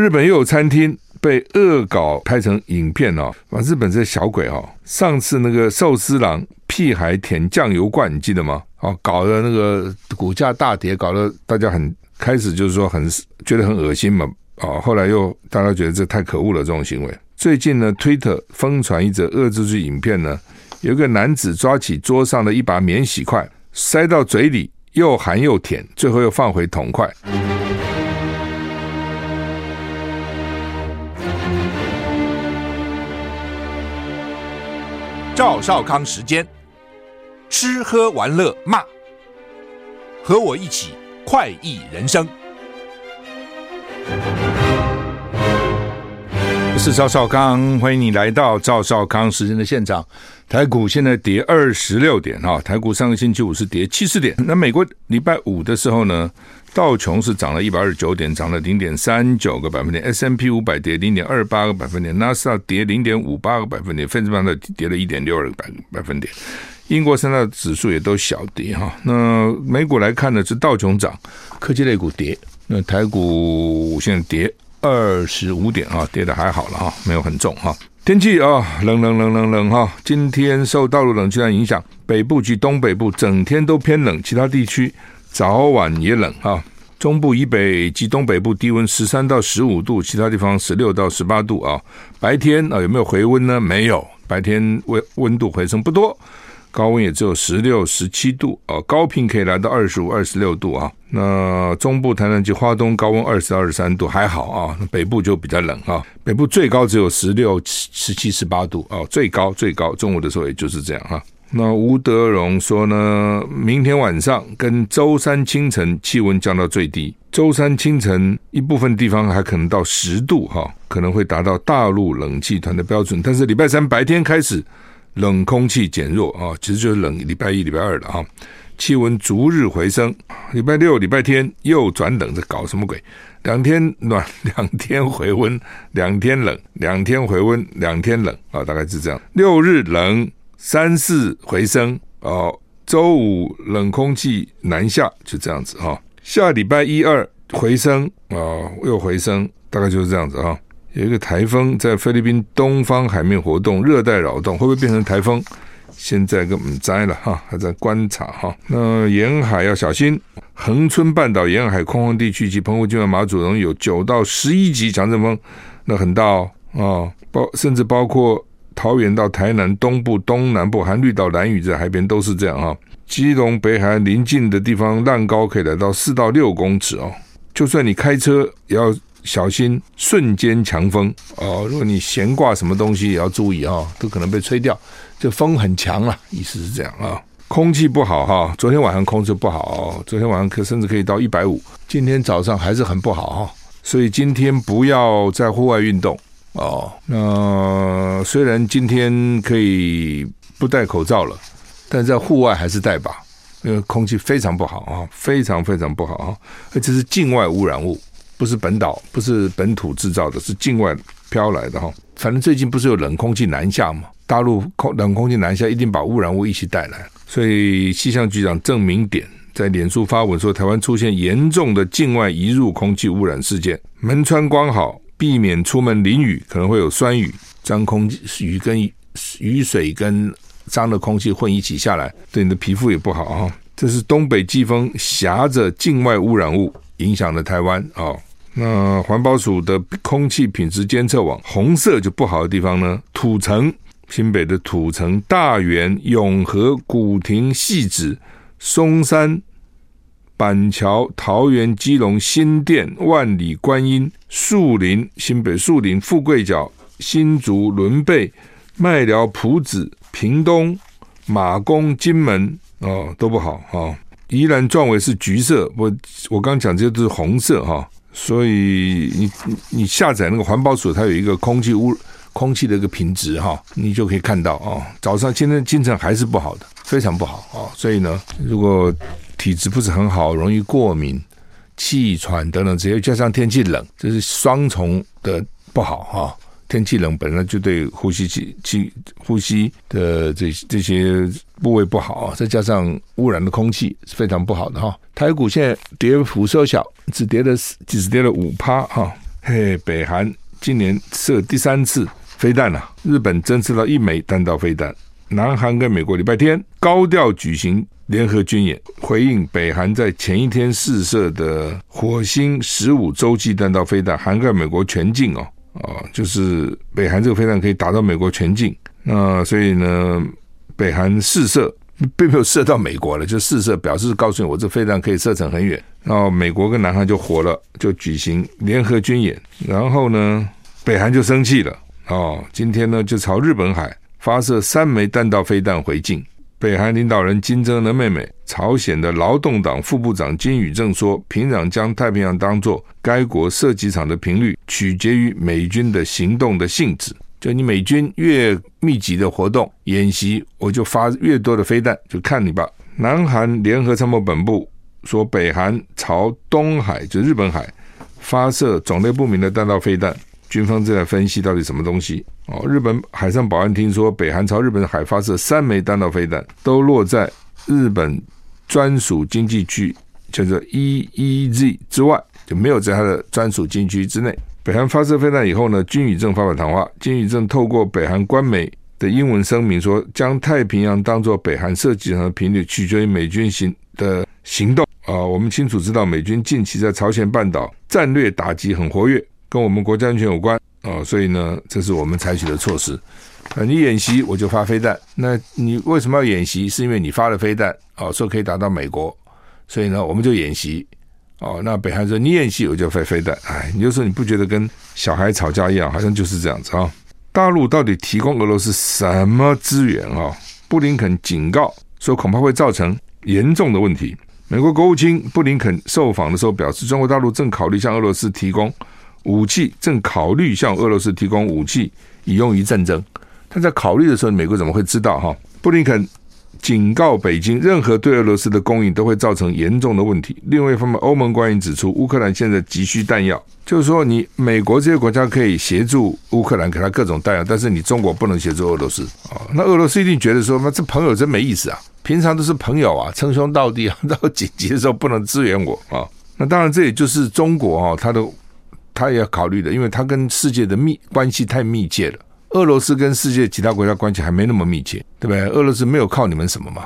日本又有餐廳被惡搞拍成影片哦，把日本這小鬼哦，上次那個壽司郎屁孩舔醬油罐，你記得嗎？哦，搞得那個股價大跌，搞得大家很開始就是說很覺得很惡心嘛，啊，後來又大家覺得這太可惡了，這種行為。最近呢，Twitter 瘋傳一則惡作劇影片呢，有一個男子抓起桌上的一把免洗筷，塞到嘴裡又含又舔，最後又放回筒筷。趙少康時間，吃喝玩樂罵，和我一起快意人生。這是趙少康，歡迎你來到趙少康時間的現場。台股現在跌二十六點啊，台股上個星期五是跌七十點。那美國禮拜五的時候呢？道瓊是漲了一百二十九點，漲了零點三九個百分點；S&P 五百跌零點二八個百分點；那斯達克跌零點五八個百分點；份子板的跌了一點六二個百分百分點。英國三大指數也都小跌哈。那美股來看的是道瓊漲，科技類股跌。那台股現在跌二十五點啊，跌得還好了哈，沒有很重哈。天氣啊，冷冷冷冷冷哈。今天受大陸冷氣團影響，北部及東北部整天都偏冷，其他地區，早晚也冷啊，中部以北及東北部低溫十三到十五度，其他地方十六到十八度啊。白天啊有沒有回溫呢？沒有，白天溫溫度回升不多，高溫也只有十六、十七度哦、啊。高屏可以來到二十五、二十六度啊。那中部、台南及花東高溫二十二、三度還好啊。那北部就比較冷啊，北部最高只有十六、七、十七、十八度哦、啊。最高最高，中午的時候也就是這樣哈、啊。那吳德榮說呢，明天晚上跟周三清晨氣溫降到最低，周三清晨一部分地方還可能到十度哈、哦，可能會達到大陸冷氣團的標準。但是禮拜三白天開始冷空氣減弱啊、哦，其實就是冷禮拜一、禮拜二了哈、哦，氣溫逐日回升。禮拜六、禮拜天又轉冷，這搞什麼鬼？兩天暖，兩天回溫，兩天冷，兩天回溫，兩天冷啊、哦，大概是這樣。六日冷。三四回升哦，週五冷空氣南下，就這樣子哈、哦。下禮拜一二回升啊、哦，又回升，大概就是這樣子哈、哦。有一個台風在菲律賓東方海面活動，熱帶擾動會不會變成台風？現在跟我們摘了哈、哦，還在觀察哈、哦。那沿海要小心，恆春半島沿海空曠地區及澎湖金門馬祖容易有九到十一級強陣風，那很大哦啊，包、哦、甚至包括。桃園到台南東部、東南部，含綠島、蘭嶼在海邊都是這樣啊、哦。基隆北海岸臨近的地方浪高可以來到四到六公尺哦，就算你開車也要小心，瞬間強風哦。如果你懸掛什麼東西也要注意啊、哦，都可能被吹掉。這風很強啦、啊，意思是這樣啊、哦。空氣不好哈、哦，昨天晚上空氣不好、哦，昨天晚上可甚至可以到一百五，今天早上還是很不好哈、哦。所以今天不要在戶外運動。哦，那雖然今天可以不戴口罩了，但在戶外還是戴吧，那個空氣非常不好啊，非常非常不好啊！這是境外污染物，不是本島，不是本土製造的，是境外飄來的哈。反正最近不是有冷空氣南下嗎？大陸空，冷空氣南下一定把污染物一起帶來，所以氣象局長鄭明典在臉書發文說，台灣出現嚴重的境外移入空氣污染事件，門窗關好。避免出門淋雨，可能會有酸雨、髒空氣、雨跟雨水跟髒的空氣混一起下來，對你的皮膚也不好啊、哦。這是東北季風挾着境外污染物影響了台灣哦。那環保署的空氣品質監測網，紅色就不好的地方呢，土城、新北的土城、大園、永和、古亭、汐止、松山。板橋、桃園、基隆、新店、萬里觀音、樹林、新北、樹林、富貴角、新竹、崙背、麥寮、埔子、屏東、馬公、金門，哦，都不好哈。宜蘭壯圍是橘色，我我剛講這些都是紅色哈、哦。所以你你下載那個環保署，它有一個空氣污空氣的一個品質哈，你就可以看到、哦、早上今天清晨還是不好的，非常不好啊、哦。所以呢，如果體質不是很好，容易過敏、氣喘等等，只要加上天氣冷，這是雙重的不好哈。天氣冷本來就對呼吸器、氣呼吸的這這些部位不好，再加上污染的空氣是非常不好的哈。台股現在跌幅收小，只跌了只跌了五趴哈。嘿，北韓今年射第三次飛彈了，日本偵測到一枚彈道飛彈，南韓跟美國禮拜天高調舉行。聯合軍演回應北韓在前一天試射的“火星十五”洲際彈道飛彈，涵蓋美國全境哦，哦，就是北韓這個飛彈可以打到美國全境。那所以呢，北韓試射並沒有射到美國了，就試射表示告訴你，我這飛彈可以射程很遠。然後美國跟南韓就火了，就舉行聯合軍演。然後呢，北韓就生氣了，哦，今天呢，就朝日本海發射三枚彈道飛彈回敬。北韓領導人金正恩的妹妹、朝鮮的勞動黨副部長金宇正說：“平壤將太平洋當作該國射擊場的頻率，取決於美軍的行動的性質。就你美軍越密集的活動演習，我就發越多的飛彈，就看你吧。”南韓聯合參謀本部說，北韓朝東海（就是日本海）發射種類不明的彈道飛彈，軍方正在分析到底什麼東西。哦，日本海上保安廳說，北韓朝日本海發射三枚彈道飛彈，都落在日本專屬經濟區，叫做 EEZ 之外，就沒有在它的專屬經濟區之內。北韓發射飛彈以後呢，金與正發表談話，金與正透過北韓官媒的英文聲明說，將太平洋當作北韓射擊場的頻率取決於美軍行的行動。啊，我們清楚知道美軍近期在朝鮮半島戰略打擊很活躍，跟我們國家安全有關。所以呢，這是我們採取的措施。啊，你演習我就發飛彈。那你為什麼要演習？是因為你發了飛彈，哦，說可以打到美國，所以呢，我們就演習。哦，那北韓說你演習我就發飛彈，哎，你就說你不覺得跟小孩吵架一樣，好像就是這樣子啊、哦？大陸到底提供俄羅斯什麼資源啊、哦？布林肯警告說，恐怕會造成嚴重的問題。美國國務卿布林肯受訪的時候表示，中國大陸正考慮向俄羅斯提供。武器，正考慮向俄羅斯提供武器，以用於戰爭。但在考慮的時候，美國怎麼會知道？哈，布林肯警告北京，任何對俄羅斯的供應都會造成嚴重的問題。另外一方面，歐盟官員指出，烏克蘭現在急需彈藥，就是說，你美國這些國家可以協助烏克蘭給他各種彈藥，但是你中國不能協助俄羅斯啊。那俄羅斯一定覺得說，那這朋友真沒意思啊！平常都是朋友啊，稱兄道弟啊，到緊急的時候不能支援我啊。那當然，這也就是中國啊，他的。他也要考慮的，因為他跟世界的密關係太密切了。俄羅斯跟世界其他國家關係還沒那麼密切，對不對？俄羅斯沒有靠你們什麼嘛，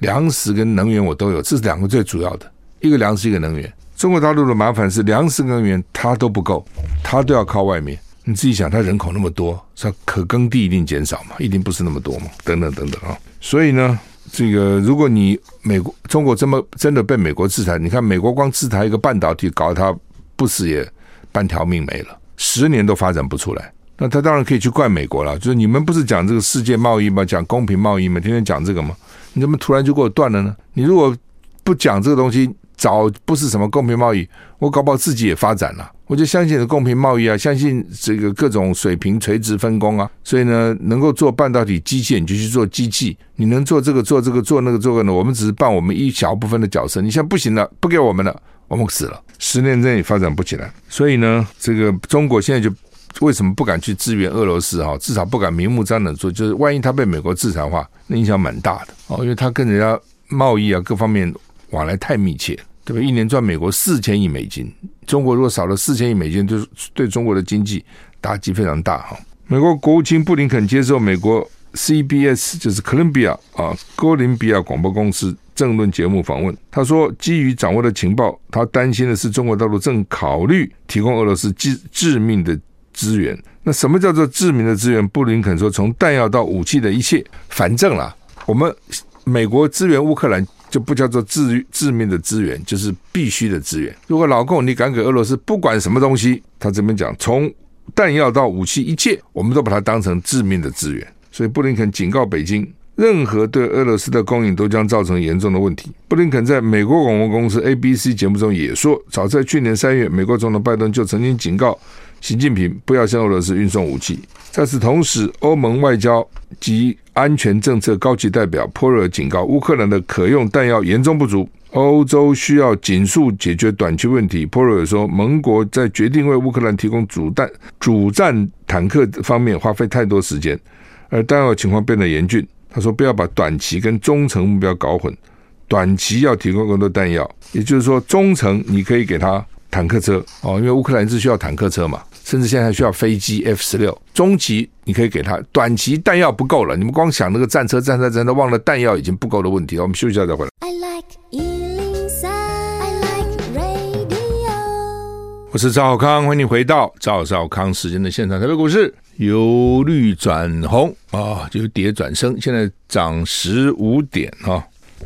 糧食跟能源我都有，這是兩個最主要的，一個糧食，一個能源。中國大陸的麻煩是糧食、能源它都不夠，它都要靠外面。你自己想，它人口那麼多，它可耕地一定減少嘛，一定不是那麼多嘛，等等等等啊。所以呢，這個如果你美國、中國這麼真的被美國制裁，你看美國光制裁一個半導體，搞得它不死也半條命沒了，十年都發展不出來。那他當然可以去怪美國了。就是你們不是講這個世界貿易嗎？講公平貿易嗎？天天講這個嗎？你怎麼突然就給我斷了呢？你如果不講這個東西，早不是什麼公平貿易。我搞不好自己也發展了，我就相信你的公平貿易啊，相信這個各種水平垂直分工啊。所以呢，能夠做半導體機械，你就去做機器，你能做這個做這個做那個做，那個呢，我們只是扮我們一小部分的角色。你現在不行了，不給我們了。我們死了，十年之內也發展不起來。所以呢，這個中國現在就為什麼不敢去支援俄羅斯？哈，至少不敢明目張膽做。就是萬一他被美國制裁的話，那影響蠻大的哦，因為他跟人家貿易啊各方面往來太密切，對吧？一年賺美國四千億美金，中國如果少了四千億美金，就是對中國的經濟打擊非常大哈。美國國務卿布林肯接受美國 CBS，就是哥倫比亞啊哥倫比亞廣播公司。政論節目訪問，他說：“基於掌握的情報，他擔心的是中國大陸正考慮提供俄羅斯致致命的資源。那什麼叫做致命的資源？布林肯說，從彈藥到武器的一切，反正啦、啊，我們美國支援烏克蘭就不叫做致致命的資源，就是必須的資源。如果老共你敢給俄羅斯不管什麼東西，他這邊講從彈藥到武器一切，我們都把它當成致命的資源。所以布林肯警告北京。”任何對俄羅斯的供應都將造成嚴重的問題。布林肯在美國廣播公司 ABC 節目中也說，早在去年三月，美國總統拜登就曾經警告習近平不要向俄羅斯運送武器。在此同時，歐盟外交及安全政策高級代表普羅爾警告，烏克蘭的可用彈藥嚴重不足，歐洲需要盡速解決短缺問題。普羅爾說，盟國在決定為烏克蘭提供主彈、主戰坦克方面花費太多時間，而彈藥情況變得嚴峻。他說：“不要把短期跟中程目標搞混，短期要提供更多彈藥，也就是說，中程你可以給他坦克車哦，因為烏克蘭是需要坦克車嘛，甚至現在還需要飛機 F 十六。中期你可以給他，短期彈藥不夠了，你們光想那個戰車、戰車、戰車，忘了彈藥已經不夠的問題了。我們休息一下再回來。” I like 103, I like Radio. 我是趙少康，歡迎你回到趙少康時間的現場特別股市。由綠轉紅啊，由、哦、跌轉升，現在漲十五點啊、哦。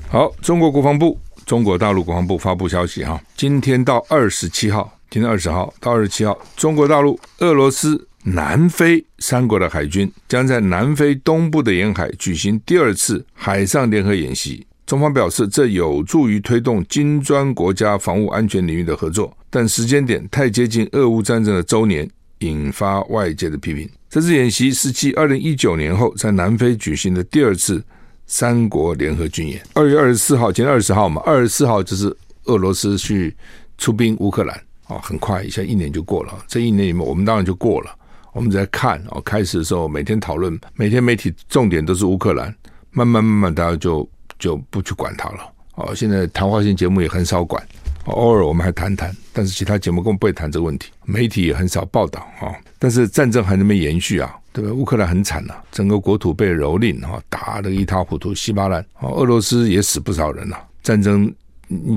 好，中國國防部、中國大陸國防部發布消息哈，今天到二十七號，今天二十號到二十七號，中國大陸、俄羅斯、南非三國的海軍將在南非東部的沿海舉行第二次海上聯合演習。中方表示，這有助於推動金磚國家防務安全領域的合作，但時間點太接近俄烏戰爭的周年。引發外界的批評。這次演習是繼二零一九年後，在南非舉行的第二次三國聯合軍演。二月二十四號，今天二十號嘛，二十四號就是俄羅斯去出兵烏克蘭啊、哦，很快一下一年就過了。這一年裡面，我們當然就過了，我們在看哦。開始的時候，每天討論，每天媒體重點都是烏克蘭，慢慢慢慢的，大家就就不去管它了哦。現在談話性節目也很少管。偶爾我們還談談，但是其他節目根本不會談這個問題。媒體也很少報道啊。但是戰爭還那麼延續啊，對吧？烏克蘭很慘吶、啊，整個國土被蹂躪啊，打得一塌糊塗，稀巴爛啊。俄羅斯也死不少人吶、啊。戰爭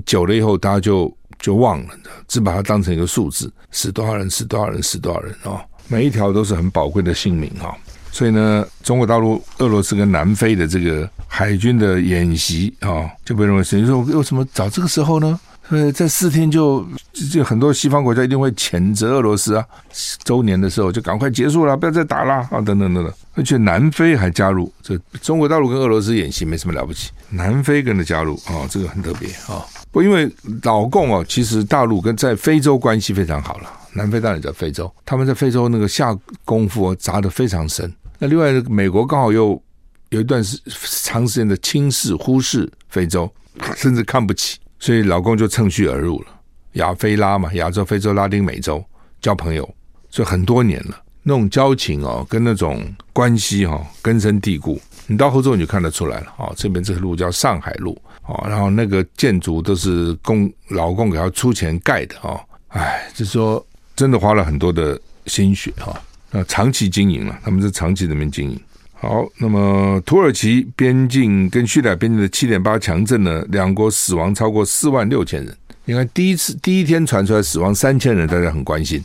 久了以後，大家就就忘了，只把它當成一個數字，死多少人，死多少人，死多少人啊。每一條都是很寶貴的性命啊。所以呢，中國大陸、俄羅斯跟南非的這個海軍的演習啊，就被認為是，你說為什麼找這個時候呢？呃，這四天就就很多西方國家一定會譴責俄羅斯啊。週年的時候就趕快結束了，不要再打了啊！等等等等，而且南非還加入這中國大陸跟俄羅斯演習，沒什麼了不起，南非跟着加入啊、哦，這個很特別啊、哦。不，因為老共啊、哦，其實大陸跟在非洲關係非常好了，南非當然在非洲，他們在非洲那個下功夫、哦、砸得非常深。那另外，美國剛好又有一段時長時間的輕視、忽視非洲、啊，甚至看不起。所以，老共就乘虛而入了。亞非拉嘛，亞洲、非洲、拉丁美洲交朋友，所以很多年了。那種交情哦，跟那種關係哦，根深蒂固。你到後座你就看得出來了哦，這邊這條路叫上海路哦，然後那個建築都是共老共給他出錢蓋的哦。哎，就說真的花了很多的心血哈、哦。那長期經營了、啊，他們是長期在那邊經營。好，那麼土耳其邊境跟敘利亞邊境的七點八強震呢，兩國死亡超過四萬六千人。你看第一次第一天傳出來死亡三千人，大家很關心，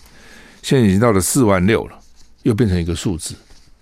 現在已經到了四萬六了，又變成一個數字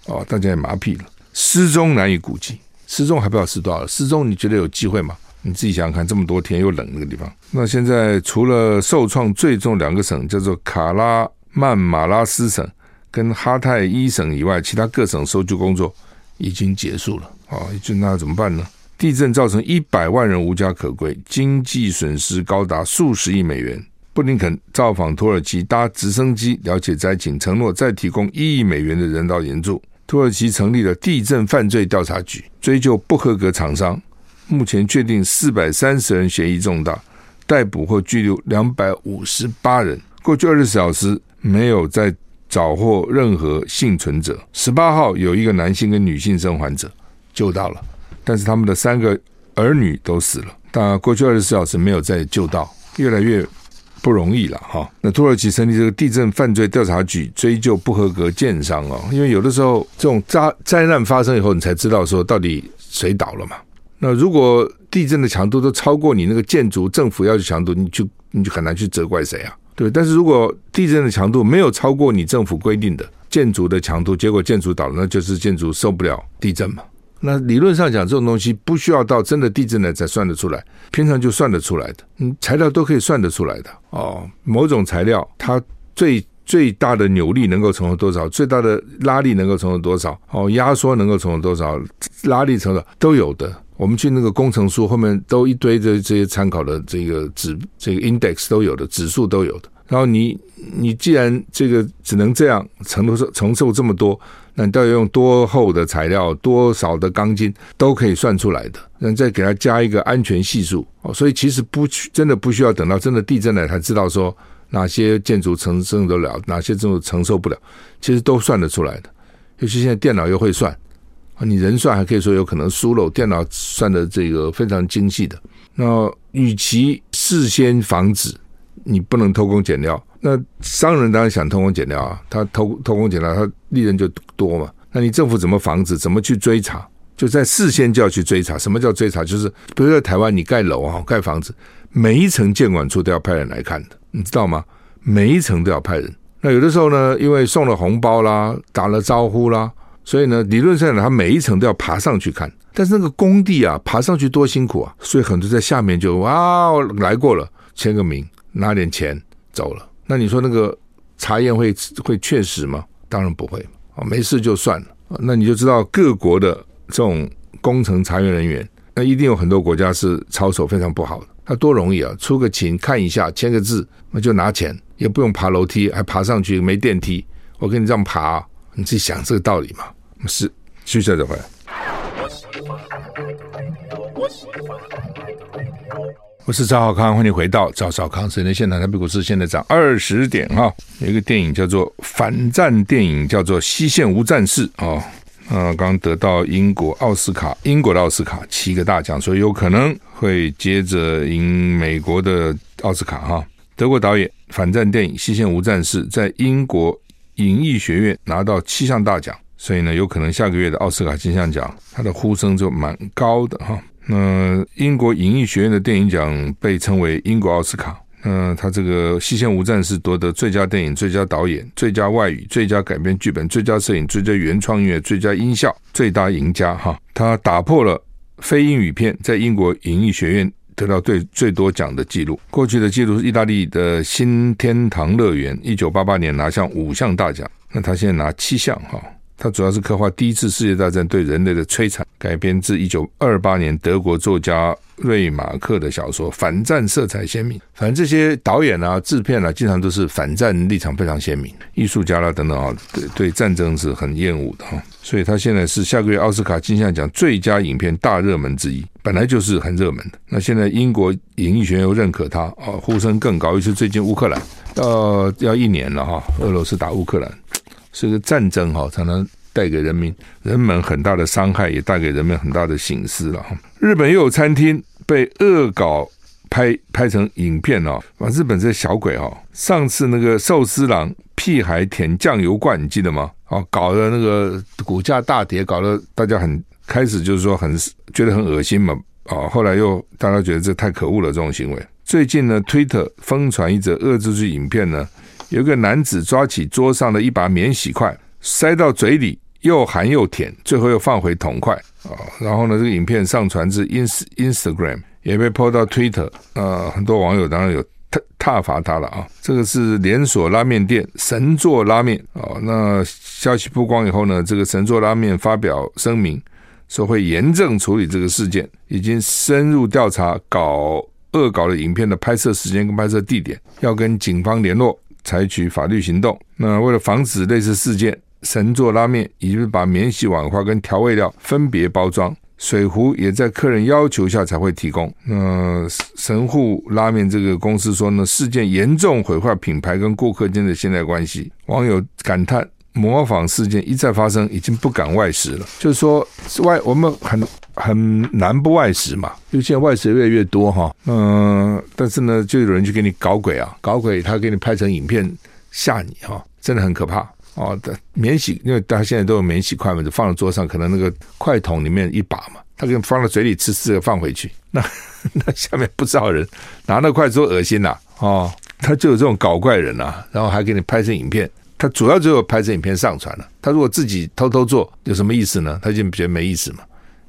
哦，大家也麻痹了。失蹤難以估計，失蹤還不知道失多少，失蹤你覺得有機會嗎？你自己想想看，這麼多天又冷那個地方，那現在除了受創最重兩個省，叫做卡拉曼馬拉斯省。跟哈泰一省以外，其他各省搜救工作已經結束了啊、哦！就那怎麼辦呢？地震造成一百萬人無家可歸，經濟損失高達數十億美元。布林肯造訪土耳其，搭直升機了解災情，承諾再提供一億美元的人道援助。土耳其成立了地震犯罪調查局，追究不合格廠商。目前確定四百三十人嫌疑重大，逮捕或拘留兩百五十八人。過去二十四小時沒有在。找獲任何倖存者。十八號有一個男性跟女性生還者救到了，但是他們的三個兒女都死了。當然，過去二十四小時沒有再救到，越來越不容易了哈。那土耳其成立這個地震犯罪調查局，追究不合格建商哦，因為有的時候這種災災難發生以後，你才知道說到底誰倒了嘛。那如果地震的強度都超過你那個建築政府要求強度，你就你就很難去責怪誰啊。對，但是如果地震的強度沒有超過你政府規定的建築的強度，結果建築倒了，那就是建築受不了地震嘛。那理論上講，這種東西不需要到真的地震來才算得出來，平常就算得出來的。嗯，材料都可以算得出來的哦。某種材料它最最大的扭力能夠承受多少，最大的拉力能夠承受多少，哦，壓縮能夠承受多少，拉力承受多少都有的。我們去那個工程書後面都一堆這這些參考的這個指這個 index 都有的指數都有的。然後你你既然這個只能這樣承受承受這麼多，那你到底用多厚的材料、多少的鋼筋都可以算出來的。那再給它加一個安全係數，所以其實不需真的不需要等到真的地震了才知道說哪些建築承受得了，哪些建築承受不了，其實都算得出來的。尤其現在電腦又會算。你人算還可以說有可能疏漏，電腦算的這個非常精細的。那與其事先防止，你不能偷工減料。那商人當然想偷工減料啊，他偷偷工減料，他利潤就多嘛。那你政府怎麼防止？怎麼去追查？就在事先就要去追查。什麼叫追查？就是比如在台灣，你蓋樓啊，蓋房子，每一層建管處都要派人來看的，你知道嗎？每一層都要派人。那有的時候呢，因為送了紅包啦，打了招呼啦。所以呢，理論上他每一層都要爬上去看，但是那個工地啊，爬上去多辛苦啊！所以很多在下面就哇，來過了，簽個名，拿點錢走了。那你說那個查驗會會確實嗎？當然不會啊，沒事就算了。那你就知道各國的這種工程查驗人員，那一定有很多國家是操守非常不好的。他多容易啊，出個勤看一下，簽個字，那就拿錢，也不用爬樓梯，還爬上去沒電梯，我跟你這樣爬。你自己想這個道理嘛。是繼續再回來。我是趙少康，歡迎回到趙少康。誰能現場台北股市現在漲二十點哈、哦。有一個電影叫做反戰電影，叫做《西線無戰事》哦、呃。剛得到英國奧斯卡，英國的奧斯卡七個大獎，所以有可能會接着贏美國的奧斯卡哈、哦。德國導演反戰電影《西線無戰事》在英國。影藝學院拿到七項大獎，所以呢，有可能下個月的奧斯卡金像獎，它的呼聲就蠻高的哈。那英國影藝學院的電影獎被稱為英國奧斯卡。那他這個《西線無戰事》奪得最佳電影、最佳導演、最佳外語、最佳改編劇本、最佳攝影、最佳原創音樂、最佳音效，最大贏家哈。他打破了非英語片在英國影藝學院。得到最最多獎的記錄，過去的記錄是意大利的新天堂樂園，一九八八年拿下五項大獎，那他現在拿七項哈。它主要是刻畫第一次世界大戰對人類的摧殘，改編自一九二八年德國作家瑞馬克的小說，反戰色彩鮮明。反正這些導演啊、制片啊，經常都是反戰立場非常鮮明，藝術家啦、啊、等等啊，對對戰爭是很厭惡的哈、啊。所以他現在是下個月奧斯卡金像獎最佳影片大熱門之一，本來就是很熱門的。那現在英國影藝學院又認可他，啊，呼聲更高。尤其是最近烏克蘭到要一年了哈、啊，俄羅斯打烏克蘭。所以個戰爭哈，常常帶給人民、人們很大的傷害，也帶給人們很大的損失了。日本又有餐廳被惡搞拍拍成影片，把日本這些小鬼哈，上次那個壽司郎屁孩舔醬油罐，你記得嗎？搞得那個股價大跌，搞得大家很開始就是說很覺得很噁心嘛，啊，後來又大家覺得這太可惡了，這種行為。最近呢，Twitter 瘋傳一則惡作劇影片呢。有一個男子抓起桌上的一把免洗筷，塞到嘴裡，又含又舔，最後又放回桶筷。啊、哦。然後呢，這個影片上傳至 ins Instagram，也被 Po 到 Twitter。呃，很多網友當然有撻、撻伐他了啊。這個是連鎖拉麵店神座拉麵啊、哦。那消息曝光以後呢，這個神座拉麵發表聲明，說會嚴正處理這個事件，已經深入調查搞惡搞的影片的拍攝時間跟拍攝地點，要跟警方聯絡。採取法律行動。那為了防止類似事件，神作拉麵已經把免洗碗筷跟調味料分別包裝，水壺也在客人要求下才會提供。那神戶拉麵這個公司說呢，事件嚴重毀壞品牌跟顧客間的信賴關係。網友感嘆。模仿事件一再發生，已經不敢外食了。就是說，是外我們很很難不外食嘛，因為現在外食越來越多哈。嗯、呃，但是呢，就有人去給你搞鬼啊，搞鬼他給你拍成影片嚇你哈、哦，真的很可怕啊。哦、免洗，因為大家現在都有免洗筷嘛，就放在桌上，可能那個筷筒裡面一把嘛，他給你放到嘴裡吃，吃的放回去，那那下面不知道人拿那筷子多噁心吶啊、哦，他就有這種搞怪人吶、啊，然後還給你拍成影片。他主要就是拍這影片上傳了。他如果自己偷偷做，有什麼意思呢？他就覺得沒意思嘛。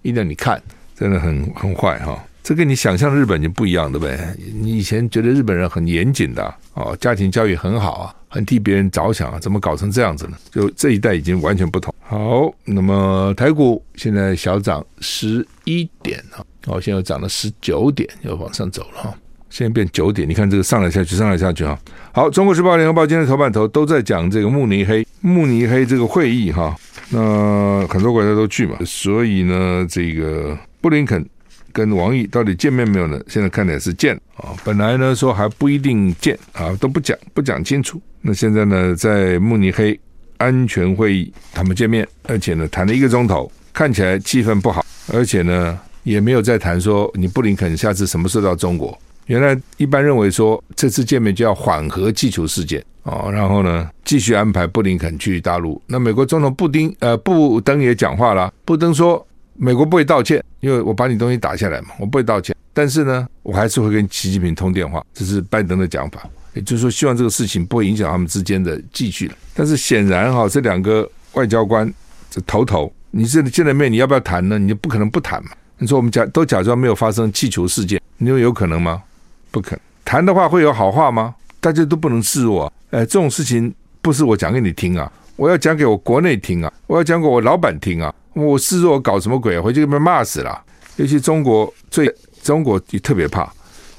一定要你看，真的很很壞哈。這跟你想象的日本就不一樣的唄。你以前覺得日本人很嚴謹的哦，家庭教育很好啊，很替別人着想啊，怎麼搞成這樣子呢？就這一代已經完全不同。好，那麼台股現在小漲十一點了，哦,哦，現在漲了十九點，要往上走了哈、哦。現在變九點，你看這個上來下去，上來下去啊！好，中國時報、聯合報今天頭版頭都在講這個慕尼黑，慕尼黑這個會議哈。那很多國家都去嘛，所以呢，這個布林肯跟王毅到底見面沒有呢？現在看來是見啊、哦。本來呢說還不一定見啊，都不講，不講清楚。那現在呢，在慕尼黑安全會議他們見面，而且呢談了一個鐘頭，看起來氣氛不好，而且呢也沒有再談說你布林肯下次什麼時候到中國。原來一般認為說，這次見面就要緩和氣球事件哦，然後呢，繼續安排布林肯去大陸。那美國總統布丁呃布登也講話了，布登說美國不會道歉，因為我把你東西打下來嘛，我不會道歉。但是呢，我還是會跟習近平通電話，這是拜登的講法，也就是說希望這個事情不會影響他們之間的繼續。但是顯然哈，哦，這兩個外交官這頭頭，你這裡見了面，你要不要談呢？你就不可能不談嘛。你說我們假都假裝沒有發生氣球事件，你說有可能嗎？不肯談的話會有好話嗎？大家都不能示弱。哎，這種事情不是我講給你聽啊，我要講給我國內聽啊，我要講給我老板聽啊。我示弱搞什麼鬼？回去被罵死了啊。尤其中國最中國也特別怕，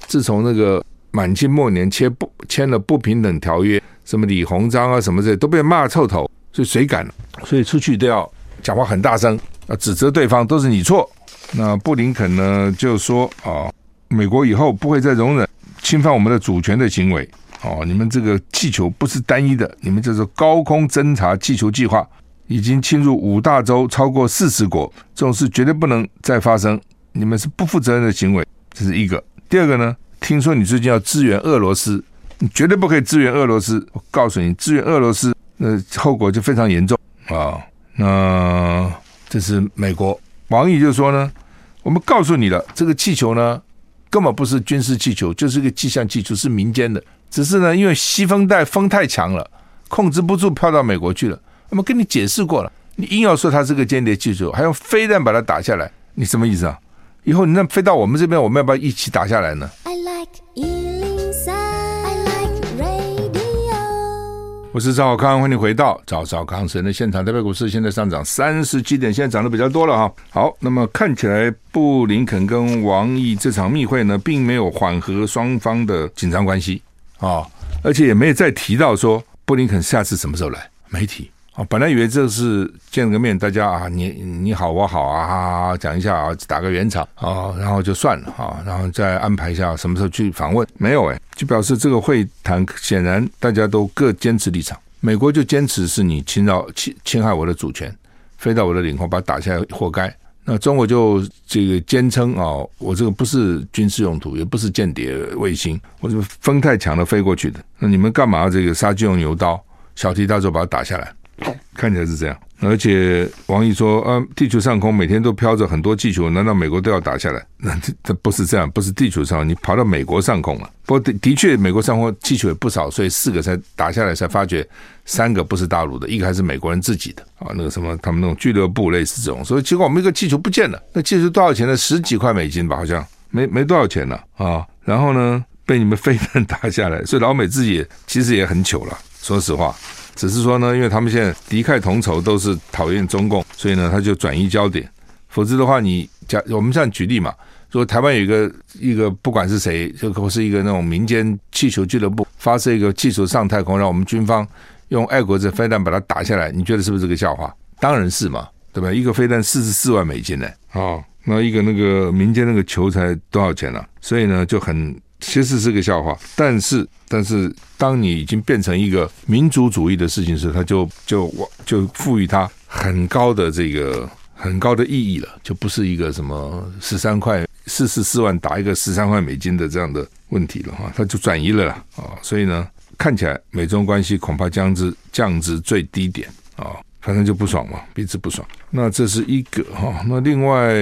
自從那個滿清末年簽不簽了不平等條約，什麼李鴻章啊什麼這些都被罵臭頭，所以誰敢？所以出去都要講話很大聲，啊，指責對方都是你錯。那布林肯呢就說啊。哦美國以後不會再容忍侵犯我們的主權的行為。哦，你們這個氣球不是單一的，你們這是高空偵察氣球計劃，已經侵入五大洲超過四十國，這種事絕對不能再發生。你們是不負責任的行為，這是一個。第二個呢，聽說你最近要支援俄羅斯，你絕對不可以支援俄羅斯。我告訴你，支援俄羅斯，那後果就非常嚴重啊。哦，那這是美國，王毅就說呢，我們告訴你了，這個氣球呢，根本不是軍事氣球，就是一個氣象氣球，是民間的。只是呢，因為西風帶風太強了，控制不住飄到美國去了。那麼跟你解釋過了，你硬要說它是個間諜氣球，還用飛彈把它打下來，你什麼意思啊？以後你那飛到我們這邊，我們要不要一起打下來呢？I like 我是趙少康，歡迎你回到趙少康時間的現場。代表股市現在上漲三十七點，現在漲得比較多了哈。好，那麼看起來布林肯跟王毅這場密會呢，並沒有緩和雙方的緊張關係啊、哦，而且也沒有再提到說布林肯下次什麼時候來，沒提。啊，本來以為這是見個面，大家啊，你你好，我好啊，講、啊、一下啊，打個圓場啊，然後就算了啊，然後再安排一下什麼時候去訪問。沒有哎、欸，就表示這個會談顯然大家都各堅持立場。美國就堅持是你侵擾、侵侵害我的主權，飛到我的領空把它打下來，活該。那中國就這個堅稱啊，我這個不是軍事用途，也不是間諜衛星，我這風太強了飛過去的。那你們幹嘛要這個殺雞用牛刀，小題大做把它打下來？看起來是這樣，而且王毅說：“呃，地球上空每天都飄着很多氣球，難道美國都要打下來？那這這不是這樣？不是地球上，你跑到美國上空了啊。不過的的確，美國上空氣球也不少，所以四個才打下來，才發覺三個不是大陸的，一個還是美國人自己的啊。那個什麼，他們那種俱樂部類似這種，所以結果我們一個氣球不見了。那氣球多少錢呢？十幾塊美金吧，好像沒沒多少錢呢啊，啊。然後呢，被你們飛彈打下來，所以老美自己其實也很糗了，說實話。”只是說呢，因為他們現在敵愾同仇，都是討厭中共，所以呢，他就轉移焦點。否則的話，你假，我們這樣舉例嘛，說台灣有一個一個不管是誰，就或是一個那種民間氣球俱樂部發射一個氣球上太空，讓我們軍方用愛國者飛彈把它打下來，你覺得是不是這個笑話？當然是嘛，對吧？一個飛彈四十四萬美金呢、欸，啊、哦，那一個那個民間那個球才多少錢呢、啊？所以呢，就很。其實是個笑話，但是但是，當你已經變成一個民族主義的事情時，它就就就賦予它很高的這個很高的意義了，就不是一個什麼十三塊四十四萬打一個十三塊美金的這樣的問題了哈，它就轉移了啊、哦。所以呢，看起來美中關係恐怕降至降至最低點啊、哦，反正就不爽嘛，彼此不爽。那這是一個哈、哦，那另外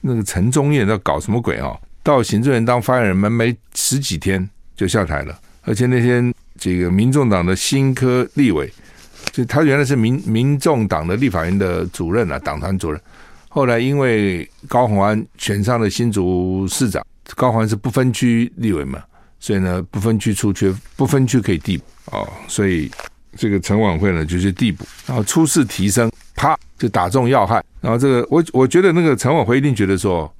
那個陳宗彥在搞什麼鬼啊、哦？到行政院當發言人，沒十幾天就下台了。而且那天，這個民眾黨的新科立委，就他原來是民民眾黨的立法院的主任啊，黨團主任。後來因為高虹安選上了新竹市長，高虹安是不分區立委嘛，所以呢，不分區出缺，不分區可以遞補哦，所以這個陳琬惠呢，就是遞補，然後初試啼聲，啪就打中要害。然後這個我我覺得那個陳琬惠一定覺得說。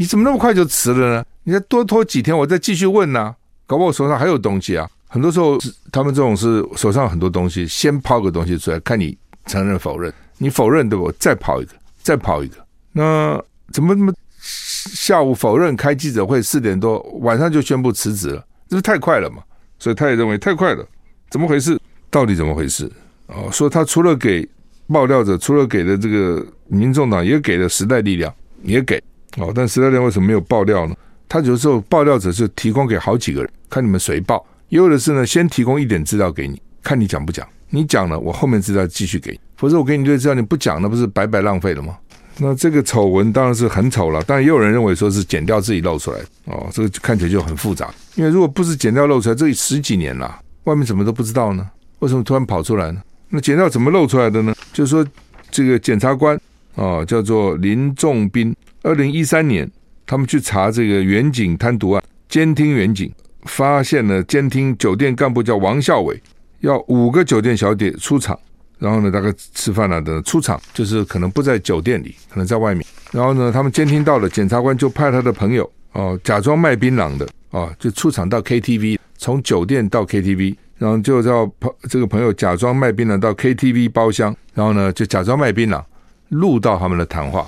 你怎麼那麼快就辭了呢？你再多拖幾天，我再繼續問吶、啊。搞不好我手上還有東西啊。很多時候，他們這種是手上很多東西，先拋個東西出來，看你承認否認。你否認，對不對？再拋一個，再拋一個。那怎麼那麼下午否認開記者會四點多，晚上就宣布辭職了？這不太快了嘛？所以他也認為太快了。怎麼回事？到底怎麼回事？哦，說他除了給爆料者，除了給的這個民眾黨，也給了時代力量，也給。哦，但十代點為什麼沒有爆料呢？他有時候爆料者是提供給好幾個人，看你們誰爆？也有的是呢，先提供一點資料給你，看你講不講。你講了，我後面資料繼續給你；否則我給你這資料你不講，那不是白白浪費了嗎？那這個醜聞當然是很醜了，但也有人認為說是剪掉自己漏出來的。哦，這個看起來就很複雜，因為如果不是剪掉漏出來，這十幾年了，外面怎麼都不知道呢？為什麼突然跑出來呢？那剪掉怎麼漏出來的呢？就是說，這個檢察官哦，叫做林仲斌。二零一三年，他們去查這個遠景貪瀆案，監聽遠景，發現了監聽酒店幹部叫王孝偉，要五個酒店小姐出場，然後呢，大概吃飯了的出場，就是可能不在酒店裡，可能在外面。然後呢，他們監聽到了，檢察官就派他的朋友哦，假裝賣檳榔的啊、哦，就出場到 KTV，從酒店到 KTV，然後就叫朋這個朋友假裝賣檳榔到 KTV 包廂，然後呢，就假裝賣檳榔錄到他們的談話。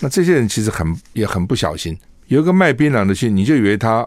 那這些人其實很也很不小心，有一個賣檳榔的去，你就以為他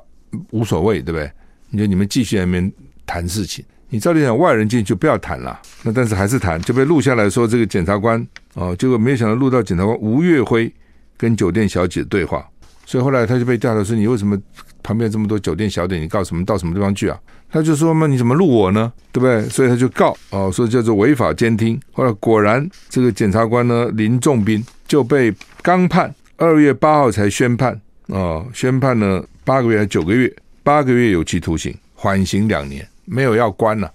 無所謂，對不對？你就你們繼續在那邊談事情，你照理講外人進去就不要談了，那但是還是談，就被錄下來說這個檢察官哦，結果沒有想到錄到檢察官吳月輝跟酒店小姐的對話，所以後來他就被調查說你為什麼？旁邊這麼多酒店小點，你告什麼到什麼地方去啊？他就說嘛，你怎麼錄我呢？對不對？所以他就告哦，所以叫做違法監聽。後來果然，這個檢察官呢，林仲斌就被剛判，二月八號才宣判哦，宣判呢，八個月還九個月，八個月有期徒刑，緩刑兩年，沒有要關了啊，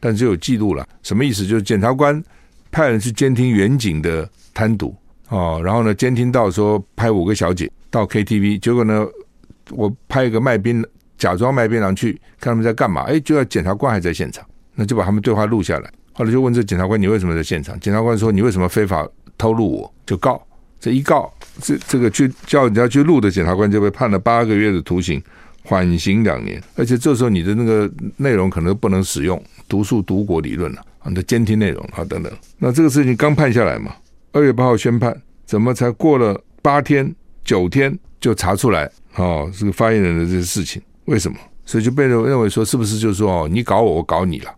但是有記錄了。什麼意思？就是檢察官派人去監聽遠景的貪瀆哦，然後呢，監聽到說派五個小姐到 KTV，結果呢？我派一個賣檳榔假裝賣檳榔，去看他們在幹嘛。哎，就要檢察官還在現場，那就把他們對話錄下來。後來就問這檢察官，你為什麼在現場？檢察官說，你為什麼非法偷錄？我就告，這一告，這這個去叫人家去錄的檢察官就被判了八個月的徒刑，緩刑兩年，而且這時候你的那個內容可能不能使用，毒樹毒果理論了、啊，你的監聽內容啊等等。那這個事情剛判下來嘛，二月八號宣判，怎麼才過了八天九天就查出來？哦，這個發言人的這些事情，為什麼？所以就被人認為說，是不是就是說哦，你搞我，我搞你了？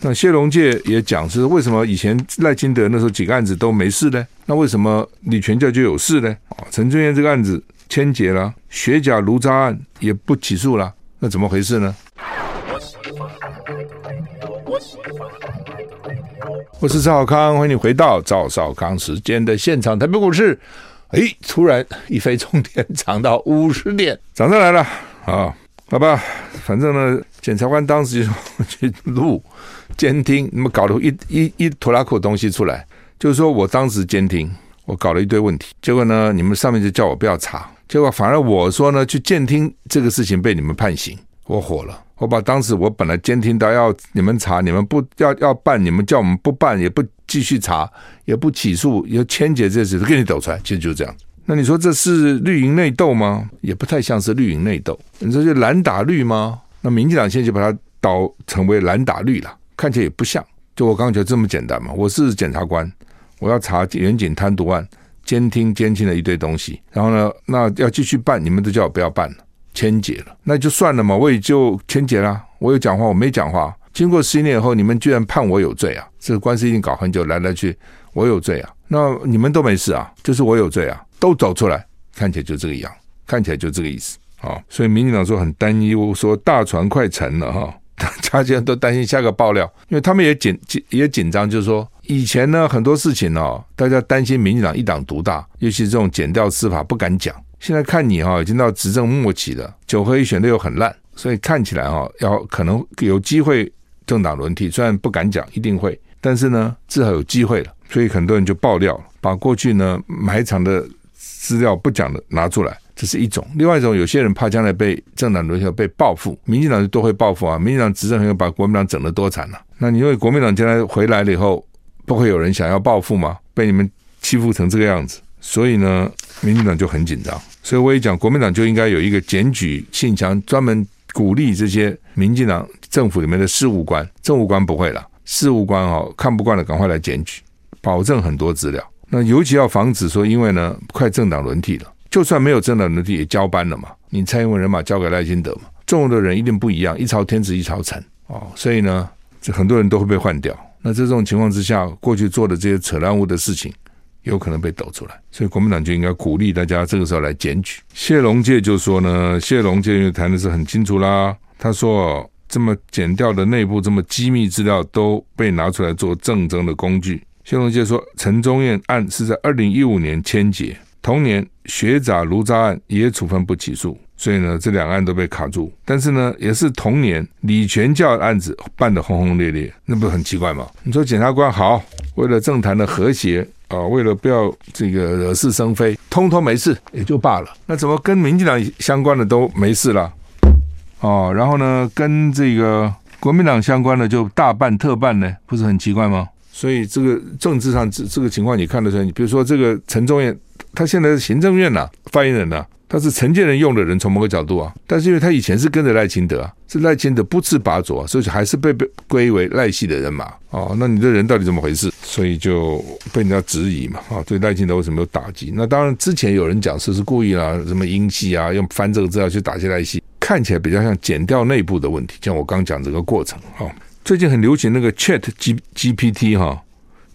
那謝龍介也講是為什麼以前賴清德那時候幾個案子都沒事呢？那為什麼李全教就有事呢？陳宗彥這個案子牽結了，學甲爐渣案也不起訴了，那怎麼回事呢？我是趙少康，歡迎你回到趙少康時間的現場台北股市。哎，突然一飛沖天，漲到五十點，漲上來了啊！好吧，反正呢，檢察官當時就說，去錄監聽，你們搞了一一一拖拉庫東西出來，就是說我當時監聽，我搞了一堆問題，結果呢，你們上面就叫我不要查，結果反而我說呢，去監聽這個事情被你們判刑，我火了。我把當時我本來監聽到要你們查，你們不要要辦，你們叫我們不辦，也不繼續查，也不起訴，也簽結這些事，給你抖出來，其實就是這樣。那你說這是綠營內鬥嗎？也不太像是綠營內鬥。你說這是藍打綠嗎？那民進黨現在就把它導成為藍打綠了，看起來也不像。就我剛剛覺得這麼簡單嘛。我是檢察官，我要查遠景貪瀆案，監聽監聽的一堆東西，然後呢，那要繼續辦，你們都叫我不要辦了。簽結了，那就算了嘛，我也就簽結了。我有講話，我沒講話。經過十一年以後，你們居然判我有罪啊！這個官司已經搞很久，來來去，我有罪啊！那你們都沒事啊，就是我有罪啊，都走出來，看起來就這個樣，看起來就這個意思啊、哦。所以民進黨說很擔憂，說大船快沉了哈、哦，大家都擔心下個爆料，因為他們也緊緊也緊張就，就是說以前呢很多事情呢、哦，大家擔心民進黨一黨獨大，尤其是這種檢調司法不敢講。現在看你哈，已經到執政末期了。九合一選的又很爛，所以看起來哈，要可能有機會政黨輪替。雖然不敢講一定會，但是呢，至少有機會了。所以很多人就爆料了，把過去呢埋藏的資料不講的拿出來，這是一種。另外一種，有些人怕將來被政黨輪替被報復，民進黨就都會報復啊。民進黨執政以後把國民黨整得多慘了啊，那你認為國民黨將來回來了以後，不會有人想要報復嗎？被你們欺負成這個樣子，所以呢，民進黨就很緊張，所以我也講，國民黨就應該有一個檢舉信箱，專門鼓勵這些民進黨政府裡面的事務官。政務官不會啦，事務官哦，看不慣的趕快來檢舉，保證很多資料。那尤其要防止說，因為呢，快政黨輪替了，就算沒有政黨輪替，也交班了嘛。你蔡英文人馬交給賴清德嘛，重要的人一定不一樣，一朝天子一朝臣哦，所以呢，很多人都會被換掉。那在這種情況之下，過去做的這些扯爛污的事情，有可能被抖出來，所以國民黨就應該鼓勵大家這個時候來檢舉。謝龍介就說呢，謝龍介因為談的是很清楚啦。他說，這麼檢調的內部這麼機密資料都被拿出來做政爭的工具。謝龍介說，陳宗彥案是在二零一五年簽結，同年學甲爐渣案也處分不起訴。所以呢，這兩案都被卡住。但是呢，也是同年李全教案子辦得轟轟烈烈，那不是很奇怪嗎？你說檢察官好，為了政壇的和諧啊、呃，為了不要這個惹是生非，通通沒事也就罷了。那怎麼跟民進黨相關的都沒事了？哦，然後呢，跟這個國民黨相關的就大辦特辦呢，不是很奇怪嗎？所以這個政治上這這個情況，你看得出來。你比如說這個陳宗彥，他現在是行政院吶發言人吶、啊。但是陳建仁用的人，從某個角度啊，但是因為他以前是跟着賴清德、啊，是賴清德不次拔擢、啊，所以還是被被歸為賴系的人嘛。哦。那你的人到底怎麼回事？所以就被人家質疑嘛啊、哦，對賴清德為什麼有打擊？那當然之前有人講是不是故意啦、啊，什麼英系啊，用翻這個資料去打擊賴系，看起來比較像剪掉內部的問題，像我剛講這個過程啊、哦。最近很流行那個 Chat G G P T 哈、哦。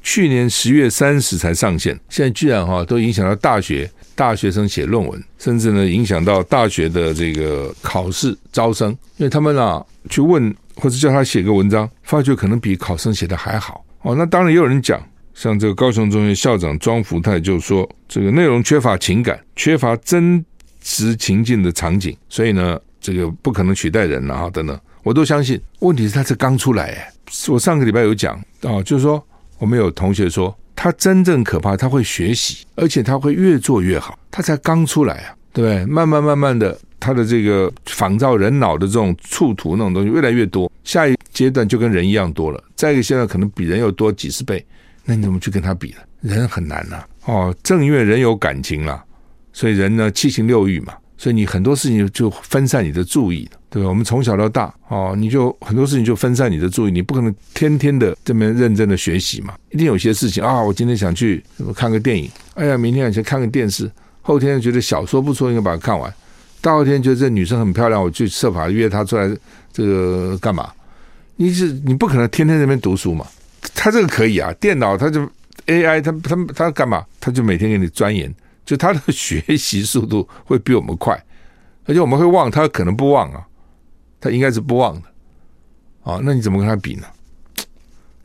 去年十月三十才上線，現在居然哈、啊、都影響到大學大學生寫論文，甚至呢影響到大學的這個考試招生，因為他們啊去問或者叫他寫個文章，發覺可能比考生寫的還好哦。那當然也有人講，像這個高雄中學校長莊福泰就說，這個內容缺乏情感，缺乏真實情境的場景，所以呢這個不可能取代人了啊等等，我都相信。問題是他才剛出來，哎，我上個禮拜有講啊，就是說。我們有同學說，他真正可怕，他會學習，而且他會越做越好。他才剛出來啊，對，對慢慢慢慢的，他的這個仿造人腦的這種觸圖那種東西越來越多，下一階段就跟人一樣多了。再一個階段可能比人要多幾十倍，那你怎麼去跟他比呢？人很難吶、啊。哦，正因為人有感情了、啊，所以人呢七情六欲嘛，所以你很多事情就分散你的注意了。對，我們從小到大，哦，你就很多事情就分散你的注意，你不可能天天的這邊認真的學習嘛。一定有些事情啊，我今天想去看個電影，哎呀，明天想去看個電視，後天覺得小說不錯，應該把它看完，大後天覺得這女生很漂亮，我去設法約她出來，這個幹嘛？你是你不可能天天在那邊讀書嘛。他這個可以啊，電腦他就 AI，他他他幹嘛？他就每天給你鑽研，就他的學習速度會比我們快，而且我們會忘，他可能不忘啊。他應該是不忘的，啊，那你怎麼跟他比呢？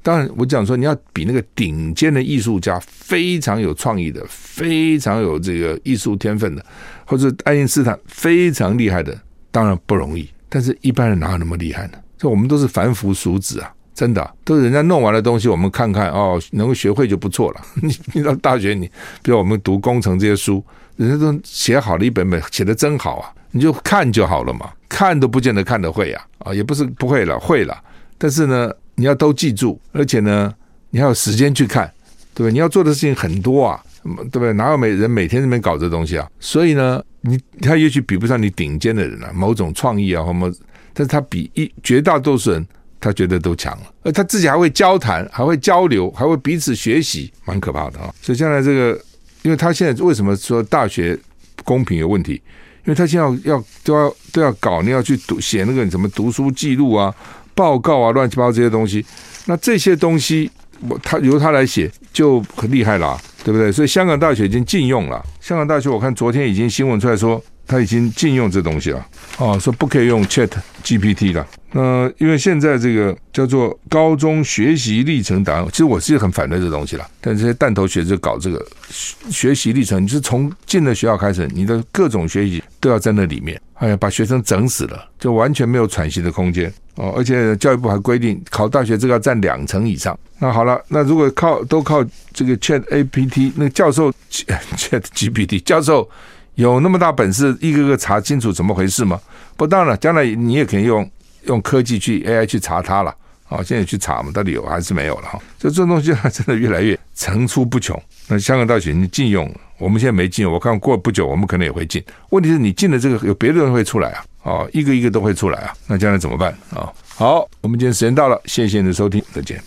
當然，我講說你要比那個頂尖的藝術家，非常有創意的，非常有這個藝術天分的，或者愛因斯坦非常厲害的，當然不容易。但是，一般人哪有那麼厲害呢？就我們都是凡夫俗子啊，真的、啊，都是人家弄完了東西，我們看看哦，能夠學會就不錯了。你，你到大學你，你比如我們讀工程這些書，人家都寫好了一本本，寫得真好啊。你就看就好了嘛，看都不見得看得會呀，啊，啊也不是不會了，會了，但是呢，你要都記住，而且呢，你還有時間去看，對不對？你要做的事情很多啊，對不對？哪有每人每天在那邊搞這東西啊？所以呢，你他也許比不上你頂尖的人啊，某種創意啊或麼，但是他比一絕大多數人，他覺得都強了，而他自己還會交談，還會交流，還會彼此學習，蠻可怕的啊！所以將來這個，因為他現在為什麼說大學公平有問題？因為他現在要都要都要搞，你要去讀寫那個什麼讀書記錄啊、報告啊、亂七八糟這些東西，那這些東西，他由他來寫就很厲害了啊，對不對？所以香港大學已經禁用了。香港大學，我看昨天已經新聞出來說。他已經禁用這東西了，哦，說不可以用 Chat GPT 了。那因為現在這個叫做高中學習歷程檔案，其實我是很反對這東西了。但這些蛋頭學者搞這個學習歷程，你是從進了學校開始，你的各種學習都要在那裡面，哎呀，把學生整死了，就完全沒有喘息的空間哦。而且教育部還規定，考大學這個要占兩成以上。那好了，那如果靠都靠這個 Chat A P T，那個教授 Chat G P T 教授。有那麼大本事，一個個查清楚怎麼回事嗎？不當然了，將來你也可以用用科技去 AI 去查它了。啊、哦，現在去查嘛，到底有還是沒有了？哈、哦，這這東西還、啊、真的越來越層出不窮。那香港大學你禁用，我們現在沒禁，我看過不久，我們可能也會禁。問題是，你禁了這個，有別的人會出來啊！啊、哦，一個一個都會出來啊！那將來怎麼辦？啊、哦，好，我們今天時間到了，謝謝您的收聽，再見。